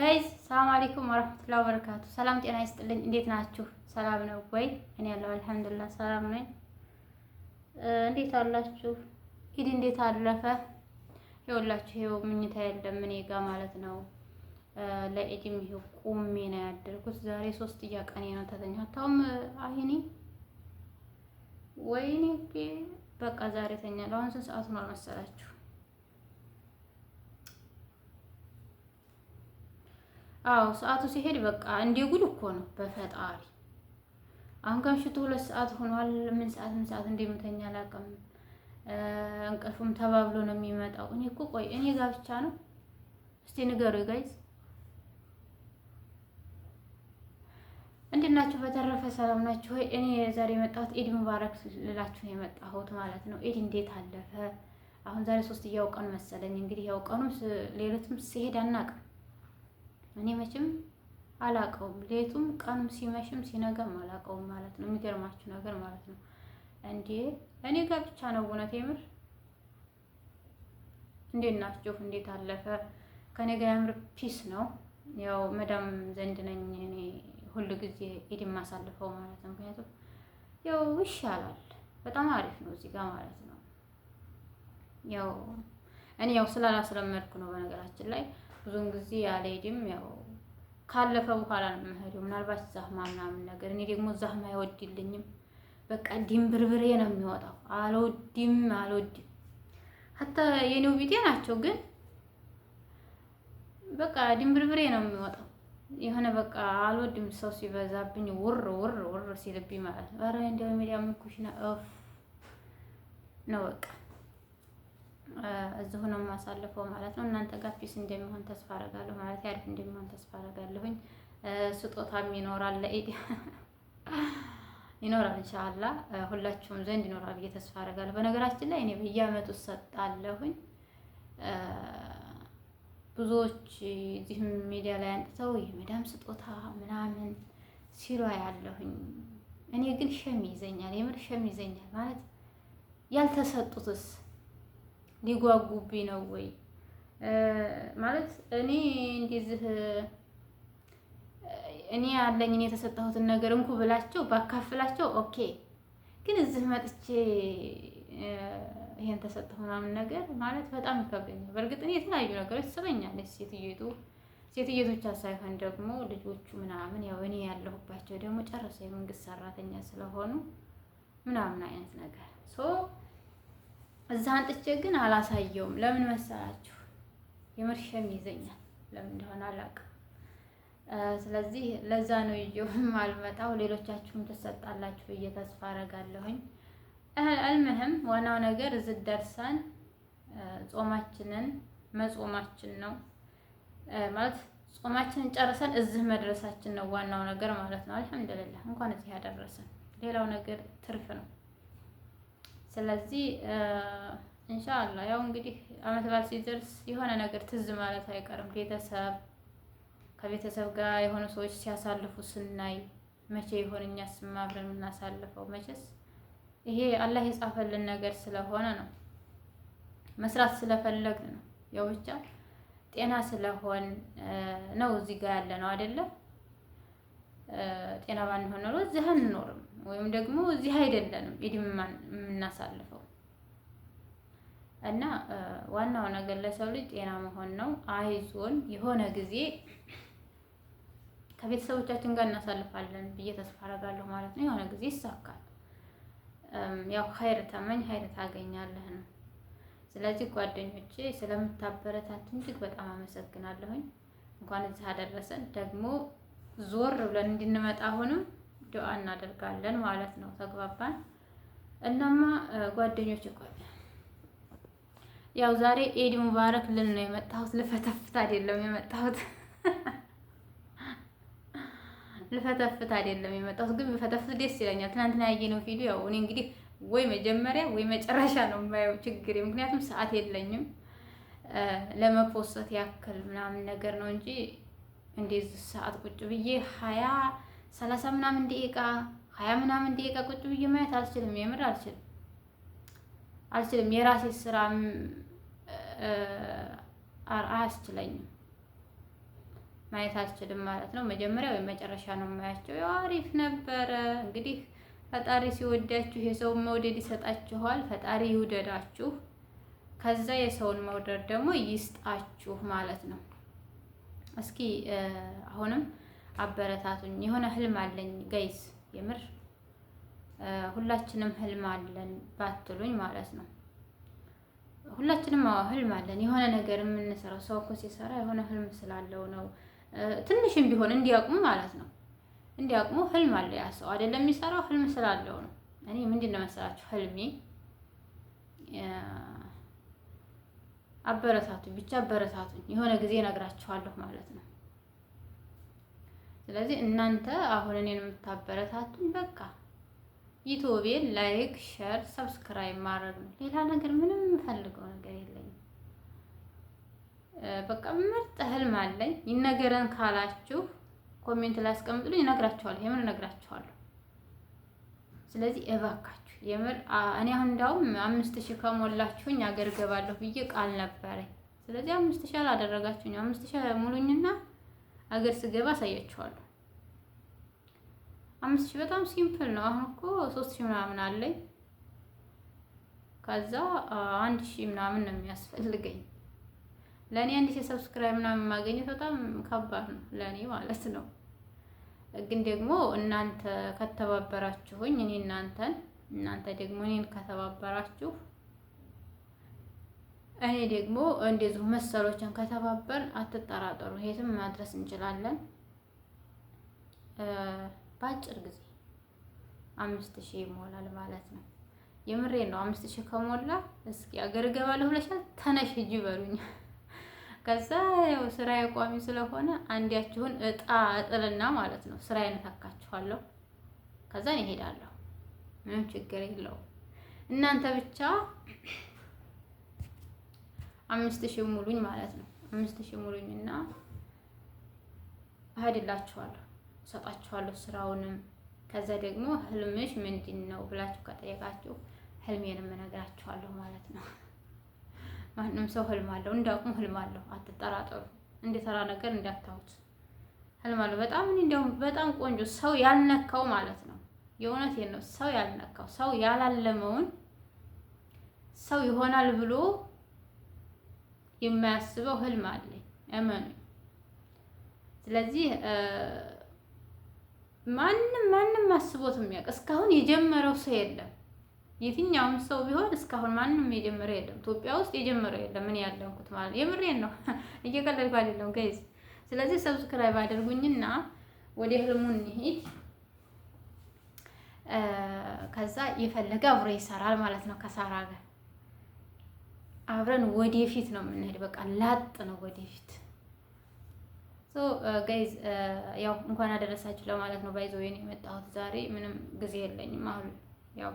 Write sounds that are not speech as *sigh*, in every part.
ጋይዝ ሰላም አለይኩም ወራህመቱላሂ ወበረካቱ። ሰላም ጤና ይስጥልኝ። እንዴት ናችሁ? ሰላም ነው ወይ? እኔ ያለው አልሐምዱሊላህ ሰላም ነኝ። እንዴት አላችሁ? ኢድ እንዴት አለፈ? ይኸውላችሁ ይኸው ምኝታ የለም እኔ ጋ ማለት ነው። ለኢድም ይኸው ቁሜ ነው ያደርኩት። ዛሬ ሶስት እያቀኔ ነው ተተኛሁ። ታውም አይኔ ወይኔ በቃ ዛሬ ተኛለሁ። አሁን ስንት ሰዓት ነው አልመሰላችሁ? አዎ ሰዓቱ ሲሄድ በቃ እንደ ጉድ እኮ ነው። በፈጣሪ አሁን ከምሽቱ ሁለት ሰዓት ሆኗል። ምን ሰዓት ምን ሰዓት እንደምተኛ አላውቅም። እንቅልፉም ተባብሎ ነው የሚመጣው። እኔ እኮ ቆይ እኔ ጋር ብቻ ነው? እስቲ ንገሩ ጋይዝ እንድናችሁ በተረፈ ሰላም ናችሁ ሆይ? እኔ ዛሬ የመጣሁት ኢድ ሙባረክ ልላችሁ ነው የመጣሁት ማለት ነው። ኢድ እንዴት አለፈ? አሁን ዛሬ ሶስት እያውቀን መሰለኝ እንግዲህ ያውቀኑም ሌሎትም ሲሄድ አናውቅም እኔ መቼም አላቀውም ሌቱም ቀኑም ሲመሽም ሲነገም አላቀውም ማለት ነው። የሚገርማችሁ ነገር ማለት ነው። እንዴ እኔ ጋር ብቻ ነው እውነት የምር። እንዴት ናችሁ? እንዴት አለፈ? ከኔ ጋር የምር ፒስ ነው። ያው መዳም ዘንድ ነኝ እኔ ሁሉ ጊዜ ኢድ የማሳልፈው ማለት ነው። ምክንያቱም ያው ይሻላል፣ በጣም አሪፍ ነው እዚህ ጋር ማለት ነው። ያው እኔ ያው ስላላስለመድኩ ነው በነገራችን ላይ ብዙውን ጊዜ አልሄድም። ያው ካለፈ በኋላ ነው የምሄደው። ምናልባት ዛህማ ምናምን ነገር እኔ ደግሞ ዛህማ አይወድልኝም። በቃ ድንብርብሬ ነው የሚወጣው። አልወድም አልወድም። ሀታ የኔው ቢጤ ናቸው ግን በቃ ድንብርብሬ ነው የሚወጣው። የሆነ በቃ አልወድም ሰው ሲበዛብኝ ውር ውር ውር ሲልብኝ ማለት ነው። ኧረ እንደው ሚዲያ ምንኩሽና ነው በቃ እዚሁ ነው የማሳልፈው ማለት ነው። እናንተ ጋር ፒስ እንደሚሆን ተስፋ አረጋለሁ ማለት አሪፍ እንደሚሆን ተስፋ አረጋለሁኝ። ስጦታም ይኖራል ለኢድ *laughs* ይኖራል እንሻላ ሁላችሁም ዘንድ ይኖራል ብዬ ተስፋ አረጋለሁ። በነገራችን ላይ እኔ በየአመቱ ሰጣለሁኝ። ብዙዎች እዚህ ሚዲያ ላይ አንጥተው የመዳም ስጦታ ምናምን ሲሉ ያለሁኝ እኔ ግን ሸም ይዘኛል፣ የምር ሸም ይዘኛል ማለት ያልተሰጡትስ ሊጓጉብኝ ነው ወይ ማለት እኔ እንደዚህ እኔ ያለኝ እኔ የተሰጠሁትን ነገር እንኩ ብላቸው ባካፍላቸው ኦኬ። ግን እዚህ መጥቼ ይሄን ተሰጠሁ ምናምን ነገር ማለት በጣም ይከብደኛል። በእርግጥ እኔ የተለያዩ ነገሮች ትስበኛለች ሴትዮቱ ሴትዮቱ ሳይሆን ደግሞ ልጆቹ ምናምን ያው እኔ ያለሁባቸው ደግሞ ጨርሰው የመንግስት ሰራተኛ ስለሆኑ ምናምን አይነት ነገር እዛ አንጥቼ ግን አላሳየውም። ለምን መሰላችሁ? የምር ይዘኛል። ለምን እንደሆነ አላውቅም። ስለዚህ ለዛ ነው ይዤውም አልመጣው። *laughs* ሌሎቻችሁም ትሰጣላችሁ ብዬ ተስፋ አደርጋለሁኝ። አልምህም ዋናው ነገር እዚህ ደርሰን ጾማችንን መጾማችን ነው ማለት ጾማችንን ጨርሰን እዚህ መድረሳችን ነው ዋናው ነገር ማለት ነው። አልሐምዱሊላህ እንኳን እዚህ ያደረሰን። ሌላው ነገር ትርፍ ነው። ስለዚህ እንሻላ ያው እንግዲህ አመት በዓል ሲደርስ የሆነ ነገር ትዝ ማለት አይቀርም። ቤተሰብ ከቤተሰብ ጋር የሆኑ ሰዎች ሲያሳልፉ ስናይ መቼ ይሆን እኛስ አብረን የምናሳልፈው? መቼስ ይሄ አላህ የጻፈልን ነገር ስለሆነ ነው። መስራት ስለፈለግ ነው። ያው ብቻ ጤና ስለሆን ነው እዚህ ጋር ያለ ነው አይደለም። ጤና ባንሆን ኖሮ እዚህ አንኖርም። ወይም ደግሞ እዚህ አይደለንም ኢድም የምናሳልፈው እና ዋናው ነገር ለሰው ልጅ ጤና መሆን ነው። አይዞን የሆነ ጊዜ ከቤተሰቦቻችን ጋር እናሳልፋለን ብዬ ተስፋ አደርጋለሁ ማለት ነው። የሆነ ጊዜ ይሳካል። ያው ኸይር ተመኝ ኸይር ታገኛለህ ነው። ስለዚህ ጓደኞቼ ስለምታበረታቱኝ እጅግ በጣም አመሰግናለሁኝ። እንኳን እዚህ አደረሰን። ደግሞ ዞር ብለን እንድንመጣ አሁንም ዱዓ እናደርጋለን ማለት ነው። ተግባባን። እናማ ጓደኞች እኮ ያው ዛሬ ኢድ ሙባረክ ልን ነው የመጣሁት። ልፈተፍት አይደለም የመጣሁት *laughs* ልፈተፍት አይደለም የመጣሁት፣ ግን ልፈተፍት ደስ ይለኛል። ትናንትና ያየነው ቪዲዮ ያው እኔ እንግዲህ ወይ መጀመሪያ ወይ መጨረሻ ነው የማየው ችግሬ፣ ምክንያቱም ሰዓት የለኝም ለመፖሰት ያክል ምናምን ነገር ነው እንጂ እንደዚህ ሰዓት ቁጭ ብዬ ሀያ ሰላሳ ምናምን ደቂቃ ሀያ ምናምን ደቂቃ ቁጭ ብዬ ማየት አልችልም። የምር አልችልም አልችልም። የራሴ ስራ አያስችለኝም። ማየት አልችልም ማለት ነው። መጀመሪያ ወይም መጨረሻ ነው የማያቸው። ያው አሪፍ ነበረ እንግዲህ ፈጣሪ ሲወዳችሁ የሰውን መውደድ ይሰጣችኋል። ፈጣሪ ይውደዳችሁ፣ ከዛ የሰውን መውደድ ደግሞ ይስጣችሁ ማለት ነው። እስኪ አሁንም አበረታቱኝ። የሆነ ህልም አለኝ ገይዝ የምር ሁላችንም ህልም አለን ባትሉኝ ማለት ነው። ሁላችንም ህልም አለን። የሆነ ነገር የምንሰራው ሰው እኮ ሲሰራ የሆነ ህልም ስላለው ነው። ትንሽም ቢሆን እንዲያውቁም ማለት ነው እንዲያውቁሙ ህልም አለ ያ ሰው አይደለም የሚሰራው ህልም ስላለው ነው። እኔ ምንድን ነው መሰላችሁ ህልሜ አበረታቱኝ፣ ብቻ አበረታቱኝ። የሆነ ጊዜ እነግራችኋለሁ ማለት ነው። ስለዚህ እናንተ አሁን እኔን የምታበረታቱኝ በቃ ዩቲዩቤን ላይክ፣ ሼር፣ ሰብስክራይብ ማድረግ ነው። ሌላ ነገር ምንም የምፈልገው ነገር የለኝም። በቃ ምርጥ ህልም አለኝ። ይነገረን ካላችሁ ኮሜንት ላይ አስቀምጡ፣ ይነግራችኋል። የምር እነግራችኋለሁ። ስለዚህ እባካችሁ የምር እኔ አሁን እንዳውም አምስት ሺህ ከሞላችሁኝ አገር ገባለሁ ብዬ ቃል ነበረኝ። ስለዚህ አምስት ሺህ አላደረጋችሁኝ። አምስት ሺህ ሙሉኝና አገር ስገባ አሳያችኋለሁ። አምስት ሺህ በጣም ሲምፕል ነው። አሁን እኮ ሶስት ሺህ ምናምን አለኝ። ከዛ አንድ ሺህ ምናምን ነው የሚያስፈልገኝ ለእኔ አንድ ሺህ ሰብስክራይብ ምናምን ማገኘት በጣም ከባድ ነው ለእኔ ማለት ነው። ግን ደግሞ እናንተ ከተባበራችሁኝ እኔ እናንተን እናንተ ደግሞ እኔን ከተባበራችሁ እኔ ደግሞ እንደዚሁ መሰሎችን ከተባበር አትጠራጠሩ፣ የትም ማድረስ እንችላለን። በአጭር ጊዜ አምስት ሺህ ይሞላል ማለት ነው። የምሬ ነው። አምስት ሺህ ከሞላ እስኪ አገር እገባለሁ ብለሻል፣ ተነሽ ሂጂ በሉኝ። ከዛ ያው ስራዬ ቋሚ ስለሆነ አንዲያችሁን እጣ እጥልና ማለት ነው ስራዬን እተካችኋለሁ፣ ከዛን እሄዳለሁ። ምንም ችግር የለውም። እናንተ ብቻ አምስት ሺህ ሙሉኝ ማለት ነው። አምስት ሺህ ሙሉኝ እና እሄድላችኋለሁ፣ እሰጣችኋለሁ ስራውንም። ከዛ ደግሞ ህልምሽ ምንድን ነው ብላችሁ ከጠየቃችሁ ህልሜንም እነግራችኋለሁ ማለት ነው። ማንም ሰው ህልም አለው፣ እንዳውቁም ህልም አለው። አትጠራጠሩ። እንደ ነገር እንዳታዩት፣ ህልም አለው። በጣም እንዲያውም በጣም ቆንጆ ሰው ያልነካው ማለት ነው። የእውነት ነው። ሰው ያልነካው ሰው ያላለመውን ሰው ይሆናል ብሎ የማያስበው ህልም አለ እመኑ። ስለዚህ ማንም ማንም አስቦት የሚያውቅ እስካሁን የጀመረው ሰው የለም። የትኛውም ሰው ቢሆን እስካሁን ማንም የጀመረ የለም። ኢትዮጵያ ውስጥ የጀመረ የለም። ምን ያለንኩት ማለት የምሬን ነው፣ *laughs* እየቀለድኩ አይደለም ጋይስ። ስለዚህ ሰብስክራይብ አድርጉኝና ወደ ህልሙ እንሂድ። ከዛ የፈለገ አብሮ ይሰራል ማለት ነው ከሳራ ጋር አብረን ወደፊት ነው የምንሄድ። በቃ ላጥ ነው ወደፊት። ጋይዝ uh, uh, ያው እንኳን አደረሳችሁ ለማለት ነው። ባይዞ ወይን የመጣሁት ዛሬ ምንም ጊዜ የለኝም። አሁን ያው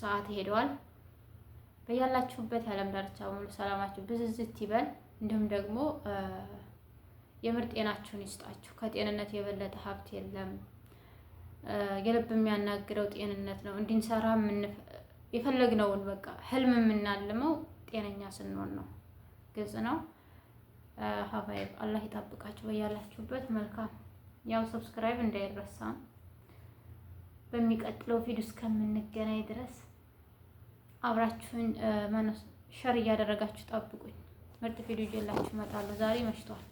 ሰዓት ሄደዋል። በያላችሁበት የዓለም ዳርቻ በሙሉ ሰላማችሁ ብዝዝት ይበል። እንዲሁም ደግሞ uh, የምር ጤናችሁን ይስጣችሁ። ከጤንነት የበለጠ ሀብት የለም። የልብ የሚያናግረው ጤንነት ነው እንድንሰራ የፈለግነውን በቃ ህልም የምናልመው ጤነኛ ስንሆን ነው። ግልጽ ነው። ሀባይብ አላህ ይጠብቃችሁ በያላችሁበት። መልካም ያው ሰብስክራይብ እንዳይረሳም በሚቀጥለው ቪዲዮ እስከምንገናኝ ድረስ አብራችሁን ሸር እያደረጋችሁ ጠብቁኝ። ምርጥ ቪዲዮ ይዤላችሁ እመጣለሁ። ዛሬ መሽቷል።